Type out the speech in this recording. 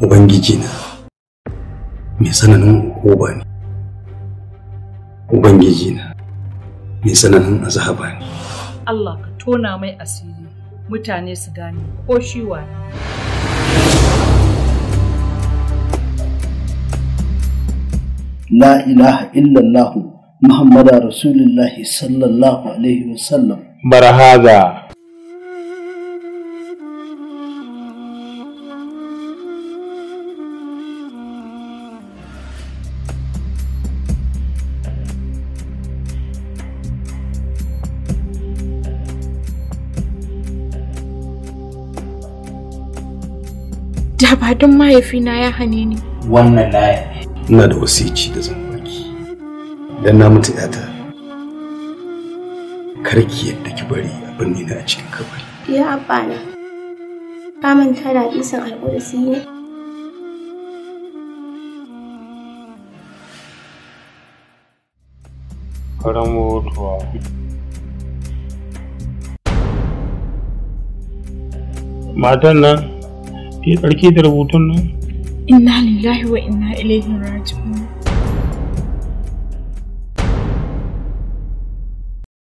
ubangiji na mai tsananin hukuma ne ubangiji na mai sananin azaba ne Allah ka tona mai asiri mutane su gane ko shi wani la ilaha illallah muhammadu rasulullahi sallallahu alaihi wasallam barhaza da ba don mahaifina ya hane ni wannan laya ina da wasici da zan baki dan na mutu yata karki yadda ki bari abin ni na cikin kabari ya abana ka manta da isan alƙursi ne karan matan nan ke ɗarki da rubutun nan inna lillahi wa inna ilaihi raji'un